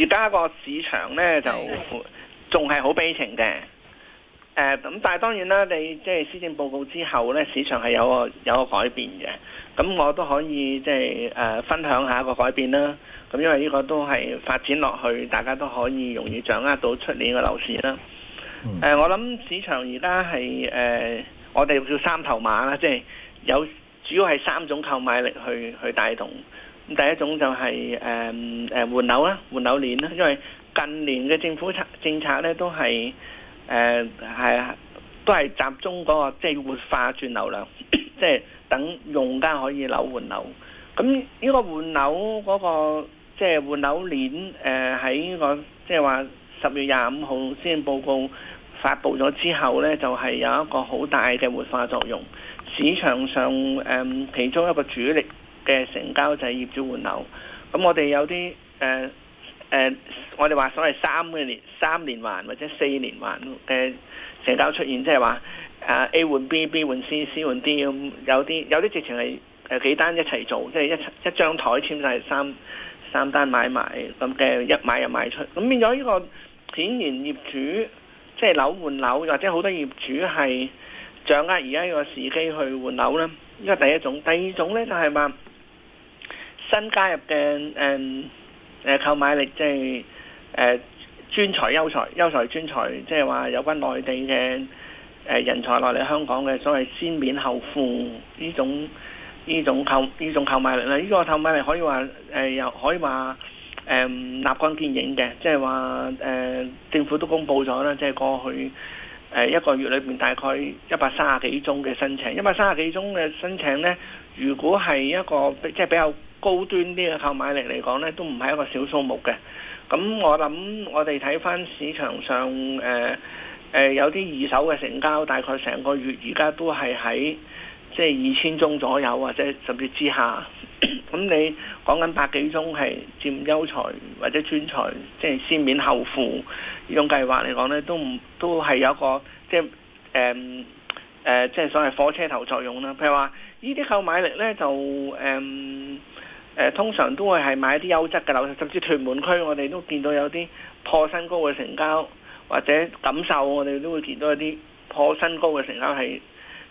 而家個市場咧就仲係好悲情嘅，誒、呃、咁，但係當然啦，你即係施政報告之後咧，市場係有個有個改變嘅，咁我都可以即係誒、呃、分享下個改變啦。咁因為呢個都係發展落去，大家都可以容易掌握到出年嘅樓市啦。誒、呃，我諗市場而家係誒，我哋叫三頭馬啦，即係有主要係三種購買力去去帶動。第一種就係誒誒換樓啦，換樓鏈啦，因為近年嘅政府策政策咧都係誒係都係集中嗰、那個即係、就是、活化轉流量，即係、 就是、等用家可以樓換樓。咁呢個換樓嗰、那個即係、就是、換樓鏈誒喺呢個即係話十月廿五號施政報告發布咗之後咧，就係、是、有一個好大嘅活化作用。市場上誒、呃、其中一個主力嘅成交就係業主換樓，咁我哋有啲誒誒，我哋話所謂三嘅年三連環或者四連環嘅成交出現，即係話啊 A 換 B，B 換 C，C 換 D 咁、嗯，有啲有啲直情係誒幾單一齊做，即係一一張台簽晒，三三單買埋咁嘅一買又賣、嗯、出，咁變咗呢個顯然業主即係、就是、樓換樓，或者好多業主係掌握而家呢個時機去換樓啦。呢個第一種，第二種咧就係、是、話。新加入嘅誒誒購買力，即係誒專才優才、優才專才，即係話有關內地嘅誒人才落嚟香港嘅所謂先免後付呢種呢種購呢種購買力啦。呢個購買力可以話誒又可以話誒、呃、立竿見影嘅，即係話誒政府都公布咗啦，即係過去。誒一個月裏邊大概一百三十幾宗嘅申請，一百三十幾宗嘅申請呢，如果係一個即係比較高端啲嘅購買力嚟講呢，都唔係一個小數目嘅。咁我諗我哋睇翻市場上誒、呃呃、有啲二手嘅成交，大概成個月而家都係喺即係二千宗左右或者甚至之下。咁 你講緊百幾宗係佔優才或者專才，即係先免後付。用計劃嚟講咧，都唔都係有一個即係誒誒，即係、嗯呃、所謂火車頭作用啦。譬如話，呢啲購買力咧就誒誒、嗯呃，通常都會係買啲優質嘅樓，甚至屯門區，我哋都見到有啲破新高嘅成交，或者錦繡我哋都會見到一啲破新高嘅成交係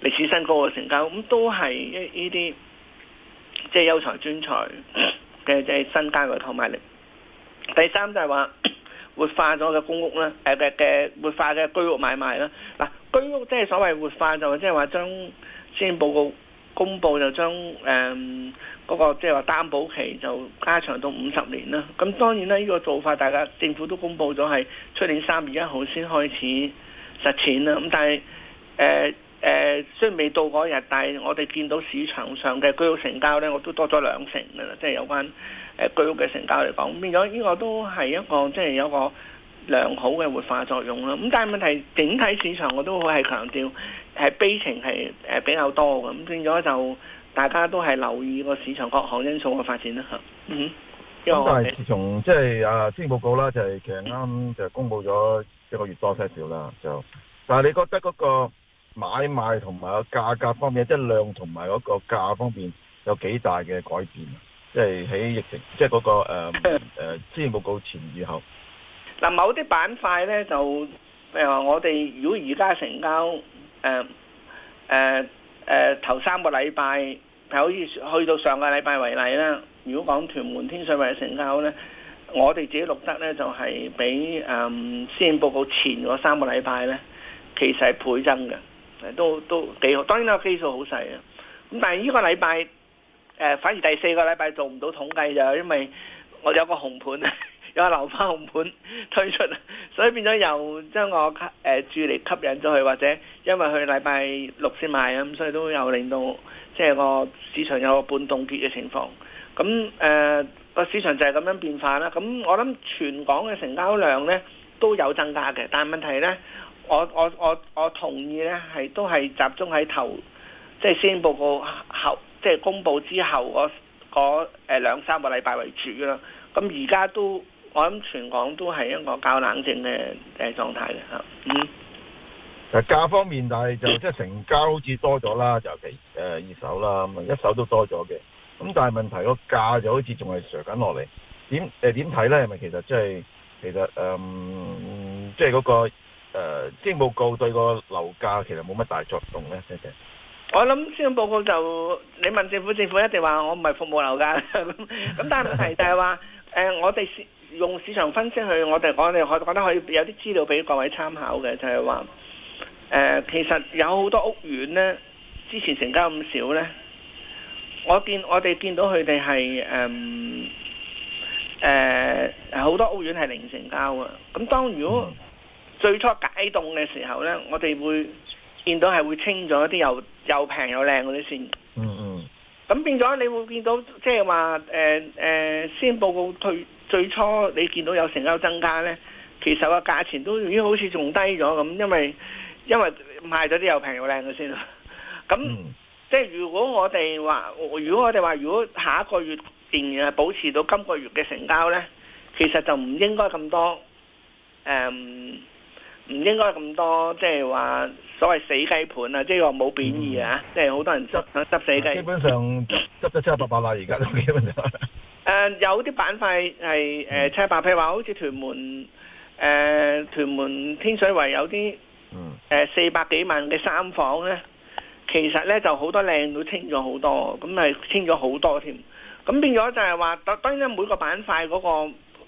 歷史新高嘅成交，咁、嗯、都係一呢啲即係優才專才嘅即係新加嘅購買力。第三就係話。活化咗嘅公屋啦，誒嘅嘅活化嘅居屋買賣啦，嗱居屋即係所謂活化就即係話將先報告公佈就將誒嗰個即係話擔保期就加長到五十年啦。咁當然啦，呢個做法，大家政府都公佈咗係出年三月一號先開始實踐啦。咁但係誒誒雖然未到嗰日，但係我哋見到市場上嘅居屋成交咧，我都多咗兩成噶啦，即係有關。誒居屋嘅成交嚟講，變咗呢個都係一個即係有個良好嘅活化作用啦。咁但係問題，整體市場我都會係強調係悲情係誒比較多嘅。咁變咗就大家都係留意個市場各項因素嘅發展啦。嚇，嗯，咁就係自從即係誒先報告啦，就係其實啱就公佈咗一個月多些少啦。就，但係你覺得嗰個買賣同埋、就是、個價格方面，即係量同埋嗰個價方面，有幾大嘅改變？即係喺疫情，即係嗰個誒誒，先、呃、證、呃、報告前以後。嗱，某啲板塊咧就譬如話誒，我哋如果而家成交誒誒誒，頭三個禮拜，好似去到上個禮拜為例啦。如果講屯門天水圍嘅成交咧，我哋自己錄得咧就係、是、比誒先證報告前嗰三個禮拜咧，其實係倍增嘅，誒都都幾好。當然啦，個基數好細啊。咁但係呢個禮拜。誒、呃、反而第四個禮拜做唔到統計就因為我有個紅盤 有個樓花紅盤推出， 所以變咗又將個誒注意力吸引咗去，或者因為佢禮拜六先賣啊，咁所以都有令到即係個市場有個半凍結嘅情況。咁誒個市場就係咁樣變化啦。咁我諗全港嘅成交量咧都有增加嘅，但係問題咧，我我我我同意咧係都係集中喺頭，即係先報告後。即係公布之後，嗰嗰兩三個禮拜為主啦。咁而家都，我諗全港都係一個較冷靜嘅誒狀態嘅嗯。嗱價方面，但係就即係、就是、成交好似多咗啦，尤其誒二手啦，咁啊一手都多咗嘅。咁但係問題個價就好似仲係 drop 緊落嚟。點誒點睇咧？係、呃、咪其實即、就、係、是、其實誒，即係嗰個即報告對個樓價其實冇乜大作用咧？多謝。我諗先隱報告，就你問政府，政府一定話我唔係服務樓價。咁 但係問題就係話，誒、呃、我哋用市場分析去我哋我哋可我覺得可以有啲資料俾各位參考嘅，就係、是、話、呃，其實有好多屋苑呢，之前成交咁少呢，我見我哋見到佢哋係誒誒好多屋苑係零成交噶。咁當如果最初解凍嘅時候呢，我哋會見到係會清咗一啲有。又平又靚嗰啲先，嗯嗯，咁變咗你會見到即係話誒誒，先報告退最初你見到有成交增加咧，其實個價錢都已經好似仲低咗咁，因為因為賣咗啲又平又靚嘅先，咁 那、嗯、即係如果我哋話，如果我哋話，如果下一個月仍然係保持到今個月嘅成交咧，其實就唔應該咁多誒。嗯唔應該咁多，即係話所謂死雞盤啊！即係話冇貶義啊！即係好多人執執死雞。基本上執得七七八八啦，而家、嗯。都誒 有啲板塊係誒、呃、七八，譬如話好似屯門誒、呃、屯門天水圍有啲誒、呃、四百幾萬嘅三房咧，其實咧就好多靚都清咗好多，咁、嗯、係清咗好多添。咁變咗就係話，當然每個板塊嗰、那個、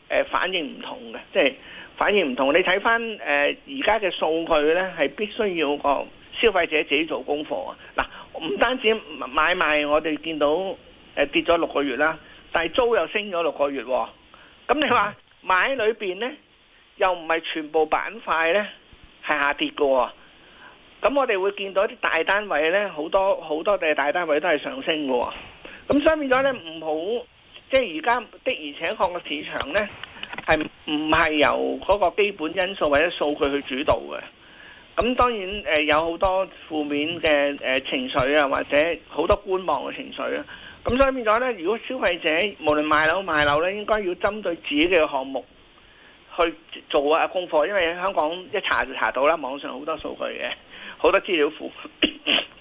呃、反應唔同嘅，即、就、係、是。反而唔同，你睇返誒而家嘅數據呢，係必須要個消費者自己做功課啊！嗱，唔單止買賣，我哋見到誒、呃、跌咗六個月啦，但係租又升咗六個月喎。咁、哦、你話買裏邊呢，又唔係全部板塊呢係下跌嘅喎。咁、哦、我哋會見到啲大單位呢，好多好多嘅大單位都係上升嘅喎。咁所以變咗呢，唔好即係而家的而且確嘅市場呢。係唔係由嗰個基本因素或者數據去主導嘅？咁當然誒、呃，有好多負面嘅誒、呃、情緒啊，或者好多觀望嘅情緒啊。咁所以變咗咧，如果消費者無論賣樓買樓咧，應該要針對自己嘅項目去做啊功課，因為香港一查就查到啦，網上好多數據嘅，好多資料庫。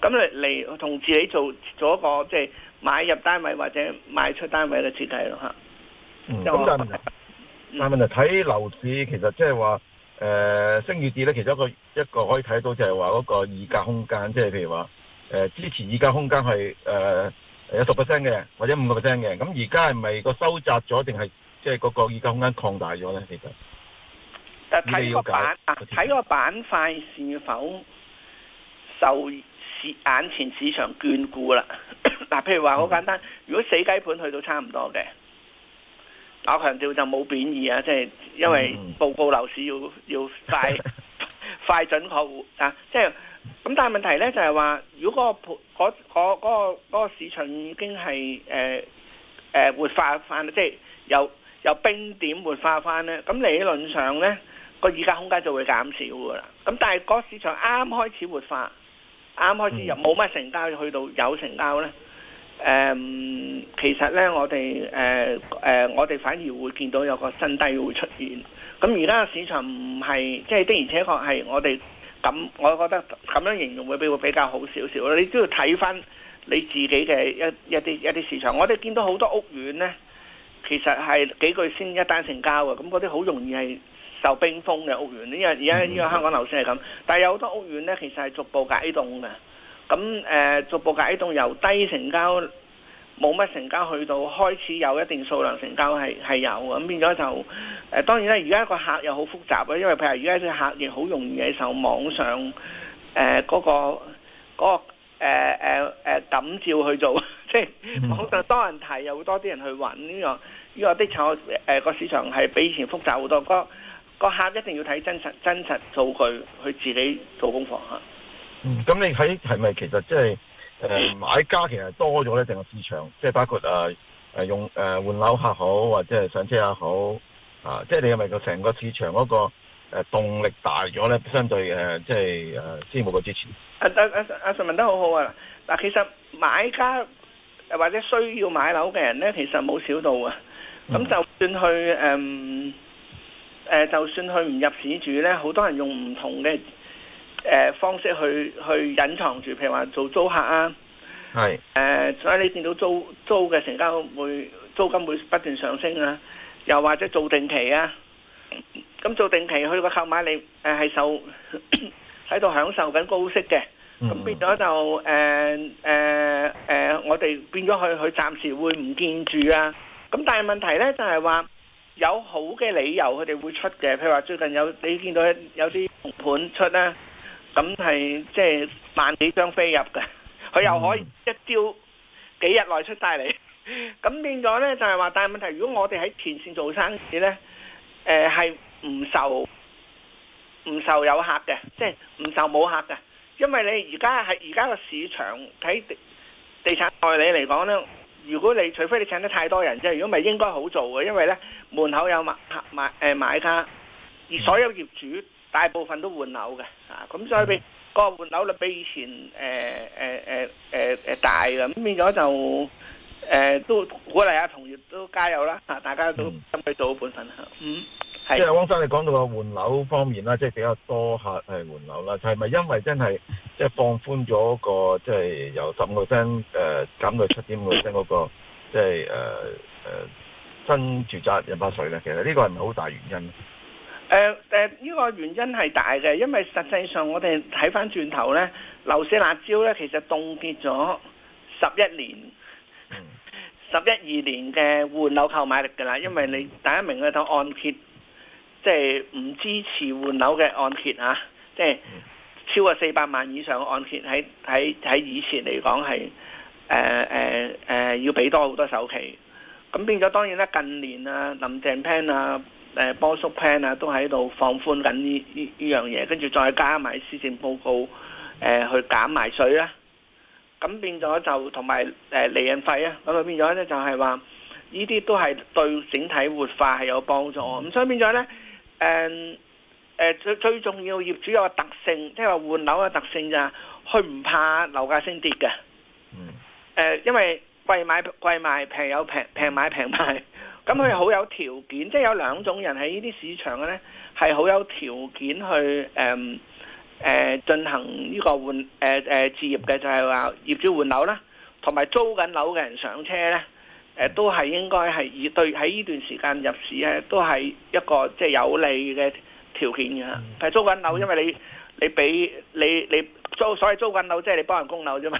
咁嚟嚟同自己做做一個即係、就是、買入單位或者賣出單位嘅設計咯吓。咁嗯、但問題睇樓市，其實即係話誒升與跌咧，其中一個一個可以睇到就係話嗰個議價空間，即、就、係、是、譬如話誒、呃、支持議價空間係誒有十 percent 嘅，或者五個 percent 嘅。咁而家係咪個收窄咗，定係即係嗰個議價空間擴大咗咧？其實，誒睇個板啊，睇個板塊是否受市眼前市場眷顧啦？嗱 說，譬如話好簡單，如果死雞盤去到差唔多嘅。我強調就冇貶義啊，即係因為報告樓市要要快 要快準確啊，即係咁。但係問題咧就係話，如果、個盤嗰嗰個市場已經係誒誒活化翻，即係由由冰點活化翻咧，咁理論上咧個議價空間就會減少噶啦。咁但係個市場啱開始活化，啱開始又冇乜成交，去到有成交咧。誒，um, 其實咧，我哋誒誒，我哋反而會見到有個新低會出現。咁而家市場唔係即係的，而且確係我哋咁，我覺得咁樣形容會比會比較好少少。你都要睇翻你自己嘅一一啲一啲市場。我哋見到好多屋苑咧，其實係幾句先一單成交嘅，咁嗰啲好容易係受冰封嘅屋苑。因為而家呢個香港樓市係咁，但係有好多屋苑咧，其實係逐步解凍嘅。咁誒逐步解凍，由低成交冇乜成交，去到開始有一定數量成交，係係有咁變咗就誒、呃、當然啦，而家個客又好複雜啊，因為譬如而家啲客亦好容易受網上誒嗰、呃那個嗰、那個、呃呃、感召去做，即、就、係、是、網上多人提，又會多啲人去揾，呢個呢個的確誒個市場係比以前複雜好多，個個客一定要睇真實真實數據去自己做功課。咁你喺係咪其實即係誒買家其實多咗咧？成個市場，即係包括誒誒用誒換樓客好，或者係上車客好，啊，即係你係咪個成個市場嗰個誒動力大咗咧？相對誒即係誒先冇個支持。阿阿阿阿順問得好好啊！嗱，其實買家或者需要買樓嘅人咧，其實冇少到啊。咁就算去誒誒，就算去唔入市住咧，好多人用唔同嘅。誒、呃，方式去去隱藏住，譬如話做租客啊，係是，誒、呃，所以你見到租租嘅成交會，租金會不斷上升啊，又或者做定期啊，咁做定期佢個購買力誒係受喺度享受緊高息嘅，咁變咗就誒誒誒，我哋變咗去佢暫時會唔見住啊，咁但係問題咧就係、是、話有好嘅理由佢哋會出嘅，譬如話最近有你見到有啲盤出啦。咁係即係萬幾張飛入嘅，佢又可以一招幾日內出晒嚟。咁變咗呢，就係話，但係問題如果我哋喺前線做生意呢，誒係唔受唔受有客嘅，即係唔受冇客嘅。因為你而家係而家個市場喺地地產代理嚟講呢，如果你除非你請得太多人啫，如果唔係應該好做嘅。因為呢門口有買客買買，買家，而所有業主。大部分都換樓嘅，啊咁所以比、嗯、個換樓率比以前誒誒誒誒誒大噶，咁變咗就誒、呃、都鼓勵下、啊，同業都加油啦，啊大家都爭取、嗯、做好本分嚇，嗯，係。即係汪生你講到個換樓方面啦，即係比較多客係換樓啦，就係咪因為真係即係放寬咗、個即係由十五、呃那個 percent 減到七點五個 percent 嗰個即係誒誒新住宅印花稅咧？其實呢個係咪好大原因？誒誒，呢、呃呃這個原因係大嘅，因為實際上我哋睇翻轉頭咧，樓市辣招咧，其實凍結咗十一年、嗯、十一二年嘅換樓購買力㗎啦，因為你第一名嘅到按揭，即係唔支持換樓嘅按揭嚇，即、啊、係、就是、超過四百萬以上嘅按揭喺喺喺以前嚟講係誒誒誒要俾多好多首期，咁變咗當然啦，近年啊，林鄭 Plan 啊。誒、呃，波叔 plan 啊，都喺度放寬緊呢呢呢樣嘢，跟住再加埋施政報告，誒、呃，去減埋稅啦。咁變咗就同埋誒厘印費啊，咁、呃、啊變咗咧就係話呢啲都係對整體活化係有幫助。咁所以變咗咧，誒、呃、誒、呃、最最重要業主有個特性，即係話換樓嘅特性就咋、是，佢唔怕樓價升跌嘅。嗯。誒、呃，因為貴買貴賣，平有平平買平賣。咁佢好有條件，即係有兩種人喺呢啲市場嘅咧，係好有條件去誒誒進行呢個換誒誒置業嘅，就係話業主換樓啦，同埋租緊樓嘅人上車咧，誒都係應該係以對喺呢段時間入市咧，都係一個即係有利嘅條件嘅。係租緊樓，因為你你俾你你你租，所謂租緊樓即係你幫人供樓啫嘛。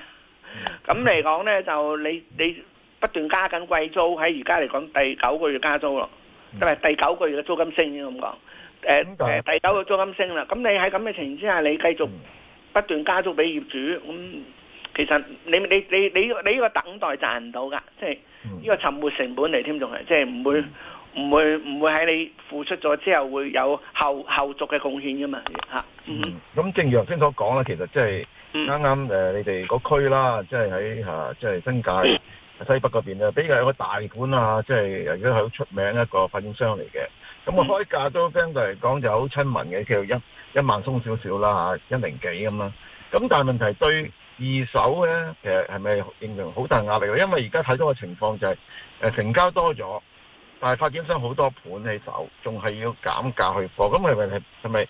咁嚟講咧，就你你。你你不斷加緊貴租喺而家嚟講，第九個月加租咯，唔係第九個月嘅租金升先咁講。誒誒，第九個租金升啦。咁你喺咁嘅情況之下，你繼續不斷加租俾業主咁，其實你你你你你呢個等待賺唔到㗎，即係呢個沉沒成本嚟添，仲係即係唔會唔會唔會喺你付出咗之後會有後後續嘅貢獻㗎嘛嚇。咁正如頭先所講啦，其實即係啱啱誒，你哋個區啦，即係喺嚇，即係新界、嗯，嗯嗯嗯西北嗰邊咧，比較有個大盤啊，即係亦都係好出名一個發展商嚟嘅。咁個開價都、嗯、相對嚟講就好親民嘅，叫做一一萬鬆少少啦嚇、啊，一零幾咁啦。咁但係問題對二手咧，其實係咪形成好大壓力？因為而家睇到嘅情況就係誒成交多咗，但係發展商好多盤喺手，仲係要減價去貨。咁係咪係咪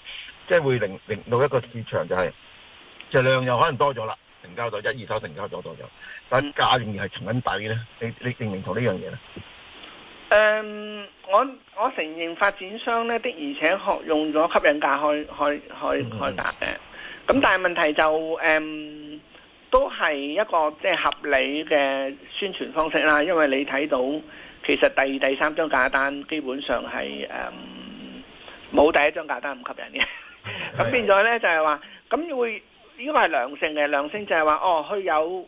即係會令令到一個市場就係、是、就量又可能多咗啦？成交咗一二手成交咗多咗，但價仍然係從緊底咧。你你認唔認同呢樣嘢咧？誒，我我承認發展商咧，的，而且確用咗吸引價開開開開打嘅。咁但係問題就誒，都係一個即係合理嘅宣傳方式啦。因為你睇到其實第二第三張價單基本上係誒冇第一張價單咁吸引嘅。咁變咗咧就係話咁會。呢個係良性嘅，良性就係話，哦，佢有誒誒、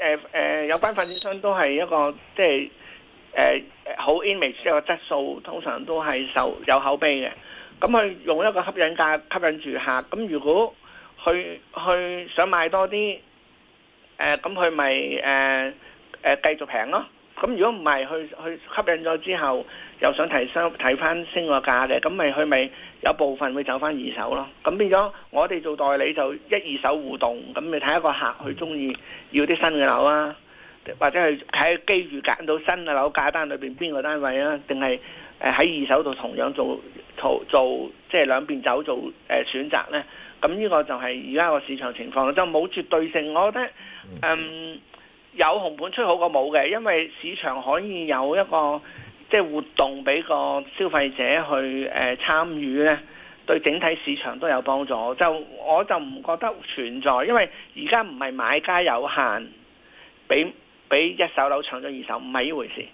呃呃、有間發展商都係一個即係誒好 image 一個質素，通常都係受有口碑嘅。咁、嗯、佢用一個吸引價吸引住客，咁、嗯、如果佢佢想買多啲，誒咁佢咪誒誒繼續平咯。咁如果唔係，佢佢吸引咗之後，又想提升提翻升個價嘅？咁咪佢咪有部分會走返二手咯。咁變咗我哋做代理就一二手互動，咁你睇一個客佢中意要啲新嘅樓啊，或者係喺機遇揀到新嘅樓價單裏邊邊個單位啊，定係喺二手度同樣做做，做即係兩邊走做誒、呃、選擇呢？咁呢個就係而家個市場情況。就冇絕對性，我覺得、嗯、有紅本出好過冇嘅，因為市場可以有一個。即係活動俾個消費者去誒參與咧，對整體市場都有幫助。就我就唔覺得存在，因為而家唔係買家有限，俾俾一手樓搶咗二手唔係呢回事，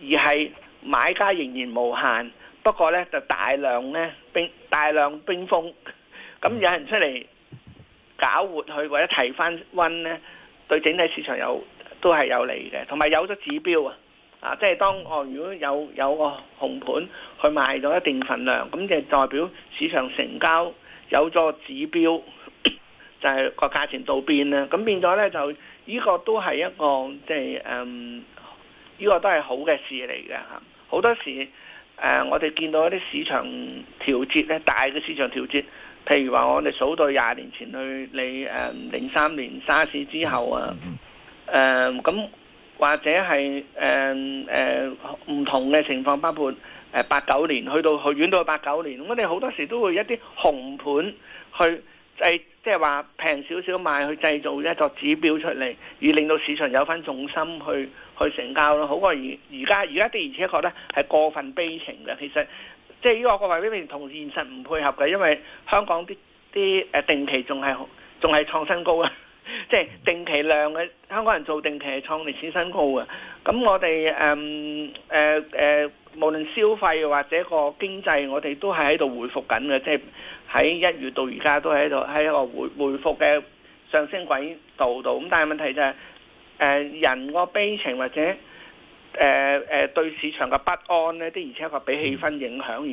而係買家仍然無限。不過咧就大量咧冰大量冰封，咁有人出嚟搞活佢或者提翻溫咧，對整體市場有都係有利嘅，同埋有咗指標啊。啊，即係當我如果有有個紅盤去賣咗一定份量，咁就代表市場成交有咗個指標，就係、是、個價錢到變啦。咁變咗呢，就呢個都係一個即係誒，呢、嗯這個都係好嘅事嚟嘅。好多時誒、呃，我哋見到一啲市場調節咧，大嘅市場調節，譬如話我哋數到廿年前去你，你誒零三年沙士之後啊，咁、呃。或者係誒誒唔同嘅情況，包括誒八九年去到去遠到八九年，我哋好多時都會一啲紅盤去製，即係話平少少賣去製造一個指標出嚟，而令到市場有翻重心去去成交咯，好過而而家。而家的而且確咧係過分悲情嘅，其實即係於我個位方面同現實唔配合嘅，因為香港啲啲誒定期仲係仲係創新高啊！即係定期量嘅香港人做定期係創歷史新高啊！咁我哋誒誒誒，無論消費或者個經濟，我哋都係喺度回復緊嘅，即係喺一月到而家都喺度喺一個回回復嘅上升軌道度。咁但係問題就係、是、誒、呃，人個悲情或者。誒誒、呃呃、對市場嘅不安呢，的而且確俾氣氛影響而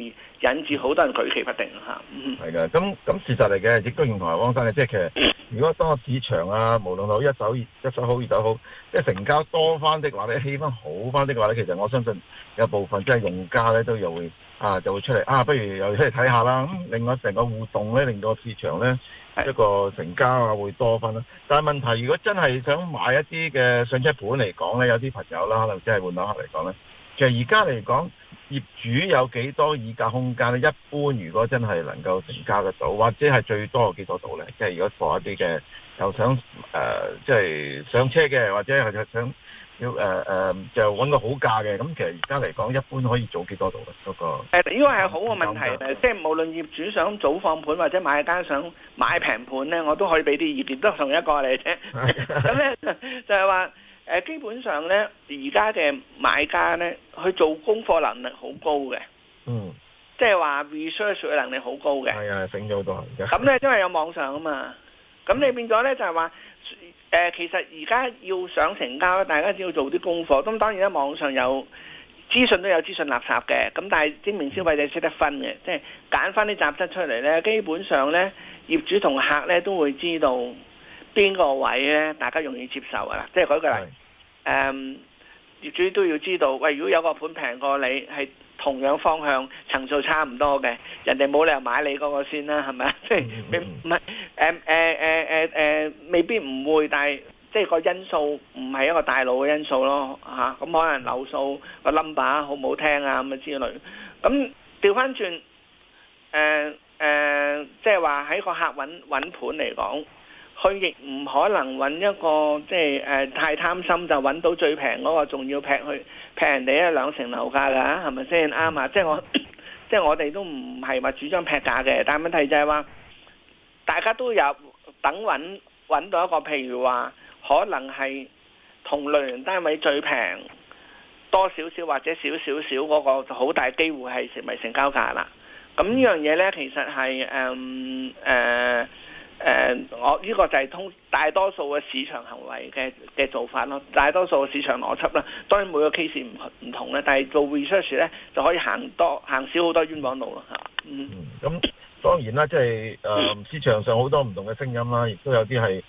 引致好多人舉棋不定嚇。係、嗯、嘅，咁咁、嗯、事實嚟嘅，亦都用汪生嘅，即、就、係、是、其實如果當個市場啊，無論好一手一,一手好、二手好，即係成交多翻的話咧，氣氛好翻的話咧，其實我相信有部分即係用家咧，都有會。啊，就會出嚟啊！不如又出嚟睇下啦。咁、嗯、另外成個互動咧，令到市場咧一是個成交啊會多翻啦。但係問題，如果真係想買一啲嘅上車盤嚟講咧，有啲朋友啦，可能即係換樓客嚟講咧，其實而家嚟講，業主有幾多議價空間？一般如果真係能夠成交得到，或者係最多有幾多度咧？即係如果多一啲嘅，又想誒，即、呃、係、就是、上車嘅，或者係想。要誒、嗯、就揾個好價嘅，咁其實而家嚟講，一般可以早幾多度咧？嗰個誒呢個係好嘅問題，誒即係無論業主想早放盤或者買家想買平盤咧，我都可以俾啲意見，都係同一個嚟啫。咁 咧呢 就係話誒，基本上咧而家嘅買家咧去做功課能力好高嘅，嗯，高嗯，即係話 research 嘅能力好高嘅，係啊，整咗好多嘅。咁咧因為有網上啊嘛，咁你變咗咧就係話。誒、呃，其實而家要想成交咧，大家先要做啲功課。咁、嗯、當然咧，網上有資訊都有資訊垃圾嘅。咁但係精明消費者識得分嘅，即係揀翻啲雜質出嚟咧。基本上咧，業主同客咧都會知道邊個位咧，大家容易接受㗎喇。即係舉個例，誒是、嗯、業主都要知道，喂，如果有個盤平過你係。同樣方向層數差唔多嘅，人哋冇理由買你嗰個先啦，係咪啊？即係唔係誒誒誒誒誒，未必唔會，但係即係個因素唔係一個大腦嘅因素咯嚇。咁、啊嗯、可能樓數個 number 好唔好聽啊咁啊之類。咁調翻轉誒誒，即係話喺個客揾揾盤嚟講。佢亦唔可能揾一個即係、呃、太貪心就揾到最平嗰個，仲要劈去劈人哋一兩成樓價㗎，係咪先啱啊？即係我即係我哋都唔係話主張劈價嘅，但問題就係話大家都有等揾揾到一個譬如話可能係同類型單位最平多少少或者少少少嗰個就好大機會係成為成交價啦。咁呢樣嘢呢，其實係誒誒。呃呃誒、呃，我呢、這個就係通大多數嘅市場行為嘅嘅做法咯，大多數嘅市場邏輯啦。當然每個 case 唔唔同咧，但係做 research 咧就可以行多行少好多冤枉路咯嚇。嗯，咁、嗯、當然啦，即係誒市場上好多唔同嘅聲音啦、啊，亦都有啲係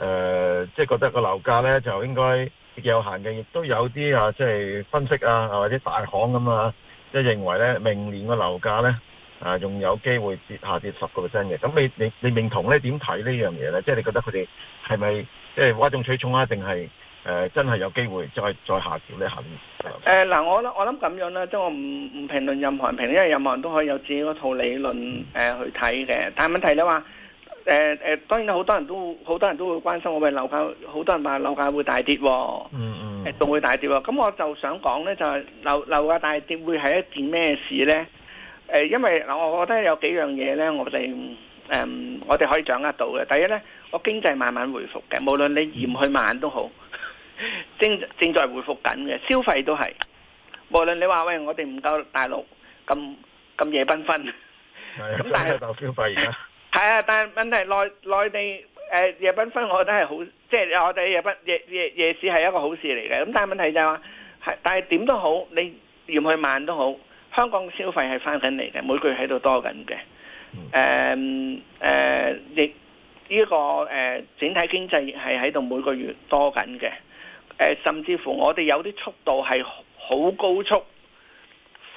誒即係覺得個樓價咧就應該有限嘅，亦都有啲啊即係、就是、分析啊，或者大行咁啊，即、就、係、是、認為咧明年嘅樓價咧。啊，仲有機會跌下跌十個 percent 嘅，咁你你你認同咧，點睇呢樣嘢咧？即係、就是、你覺得佢哋係咪即係嘩眾取寵啊？定係誒真係有機會再再下調咧？肯誒嗱，我我諗咁樣啦，即、就、係、是、我唔唔評論任何人評論，因為任何人都可以有自己嗰套理論誒去睇嘅。但係問題你話誒誒，當然好多人都好多人都會關心我，我話樓價，好多人話樓價會大跌喎，嗯嗯，仲會大跌喎。咁我就想講咧，就係、是、樓樓價大跌會係一件咩事咧？誒，因為嗱，我覺得有幾樣嘢咧，我哋誒，我哋可以掌握到嘅。第一咧，我經濟慢慢恢復嘅，無論你嫌去慢都好，正正在恢復緊嘅，消費都係。無論你話喂，我哋唔夠大陸咁咁夜繽紛，咁但係，係啊，但係問題內內地誒夜繽紛，我覺得係好，即係我哋夜不夜夜夜市係一個好事嚟嘅。咁但係問題就係話，係但係點都好，你嫌去慢都好。香港嘅消費係翻緊嚟嘅，每個月喺度多緊嘅。誒、呃、誒、呃，亦呢一、這個、呃、整體經濟亦係喺度每個月多緊嘅。誒、呃，甚至乎我哋有啲速度係好高速，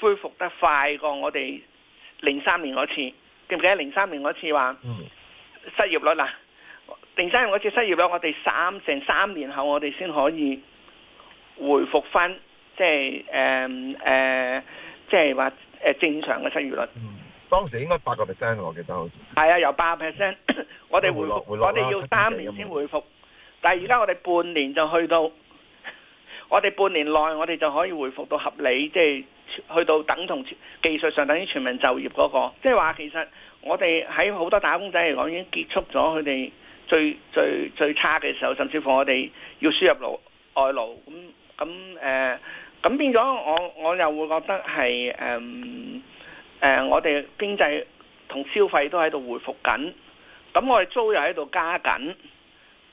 恢復得快過我哋零三年嗰次。記唔記得零三年嗰次話失業率啊？零三、嗯呃、年嗰次失業率我，我哋三成三年後我哋先可以恢復翻，即係誒誒。呃呃即係話誒正常嘅失業率、嗯，當時應該八個 percent，我記得好似係啊，由八 percent， 我哋回復，回回我哋要三年先回復，嗯、但係而家我哋半年就去到，我哋半年內我哋就可以回復到合理，即、就、係、是、去到等同技術上等於全民就業嗰、那個。即係話其實我哋喺好多打工仔嚟講已經結束咗佢哋最最最，最差嘅時候，甚至乎我哋要輸入勞外勞咁咁誒。嗯嗯嗯呃咁變咗，我我又會覺得係誒誒，我哋經濟同消費都喺度回復緊，咁我哋租又喺度加緊，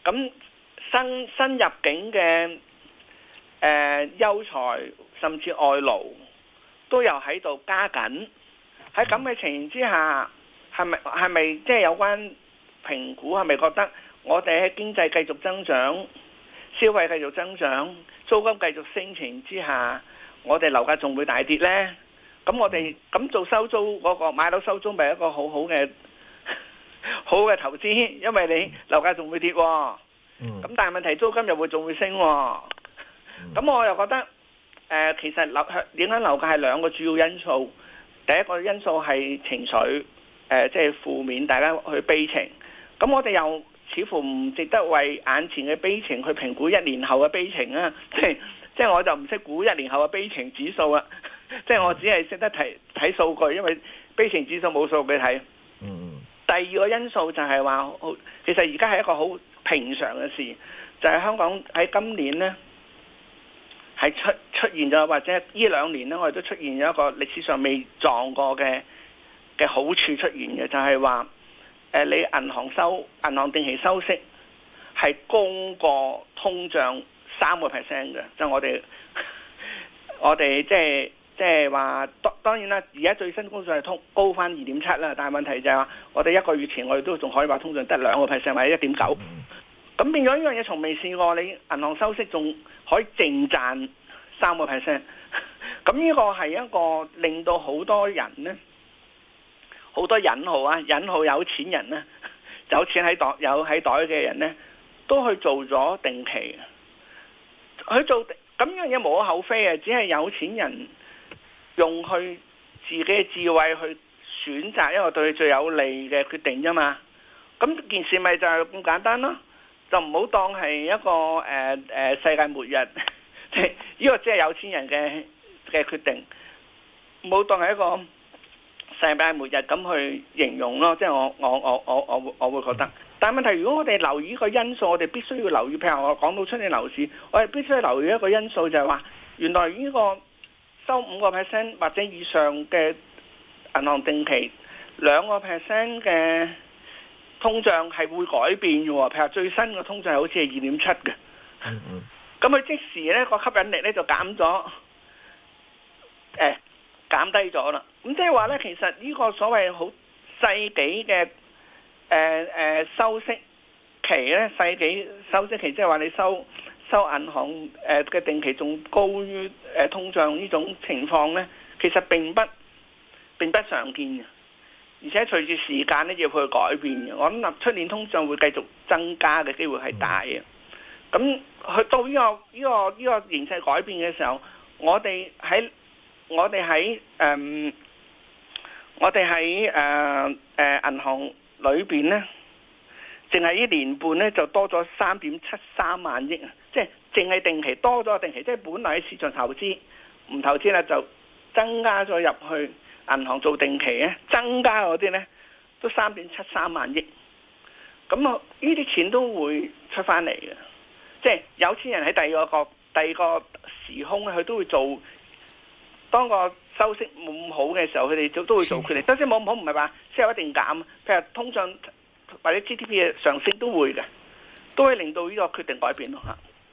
咁新新入境嘅誒優才甚至外勞都又喺度加緊，喺咁嘅情形之下，係咪係咪即係有關評估係咪覺得我哋喺經濟繼續增長、消費繼續增長？租金繼續升情之下，我哋樓價仲會大跌呢？咁我哋咁做收租嗰、那個買樓收租，咪一個好好嘅好嘅投資，因為你樓價仲會跌喎。咁但係問題租金又會仲會升喎。咁我又覺得、呃，其實樓影響樓價係兩個主要因素。第一個因素係情緒，即、呃、係、就是、負面，大家去悲情。咁我哋又，似乎唔值得為眼前嘅悲情去評估一年後嘅悲情啊！即係 即係我就唔識估一年後嘅悲情指數啊！即係 我只係識得睇睇數據，因為悲情指數冇數據睇。嗯嗯。第二個因素就係話，其實而家係一個好平常嘅事，就係香港喺今年呢係出出現咗，或者呢兩年呢，我哋都出現咗一個歷史上未撞過嘅嘅好處出現嘅，就係話。誒，你銀行收銀行定期收息係高過通脹三個 percent 嘅，就我哋我哋即係即係話，當當然啦，而家最新通脹係通高翻二點七啦，但係問題就係話，我哋一個月前我哋都仲可以話通脹得兩個 percent 或者一點九，咁變咗一樣嘢，從未試過你銀行收息仲可以淨賺三個 percent，咁呢個係一個令到好多人咧。好多引號啊，引號有錢人啊，有錢喺袋有喺袋嘅人咧，都去做咗定期。佢做咁樣嘢無可厚非啊，只係有錢人用佢自己嘅智慧去選擇一個對佢最有利嘅決定啫嘛。咁件事咪就係咁簡單咯，啊,就唔好當係一個誒誒、呃呃、世界末日。呢 個只係有錢人嘅嘅決定，冇當係一個。世界末日咁去形容咯，即係我我我我我會我會覺得。但問題如果我哋留意個因素，我哋必須要留意。譬如我講到春天樓市，我哋必須要留意一個因素就係話，原來呢個收五個 percent 或者以上嘅銀行定期兩個 percent 嘅通脹係會改變嘅喎。譬如最新嘅通脹係好似係二點七嘅，咁佢即時呢個吸引力呢，就減咗，哎減低咗啦，咁即係話呢，其實呢個所謂好世紀嘅誒誒收息期呢，世紀收息期，即係話你收收銀行誒嘅定期仲高於誒、呃、通脹呢種情況呢，其實並不並不常見嘅，而且隨住時間呢，要去改變嘅，我諗出年通脹會繼續增加嘅機會係大嘅，咁、嗯、去到呢、呢個呢、呢個呢、呢個形勢改變嘅時候，我哋喺。我哋喺誒，我哋喺誒誒銀行裏邊咧，淨係一年半咧就多咗三點七三萬億，即係淨係定期多咗定期，即係本來喺市場投資唔投資咧就增加咗入去銀行做定期咧，增加嗰啲咧都三點七三萬億，咁啊呢啲錢都會出翻嚟嘅，即係有錢人喺第二個個第二個時空咧，佢都會做。當個收息冇咁好嘅時候，佢哋都會做決定。收息冇咁好唔係話即係一定減，譬如通脹或者 GDP 嘅上升都會嘅，都會令到呢個決定改變咯嚇。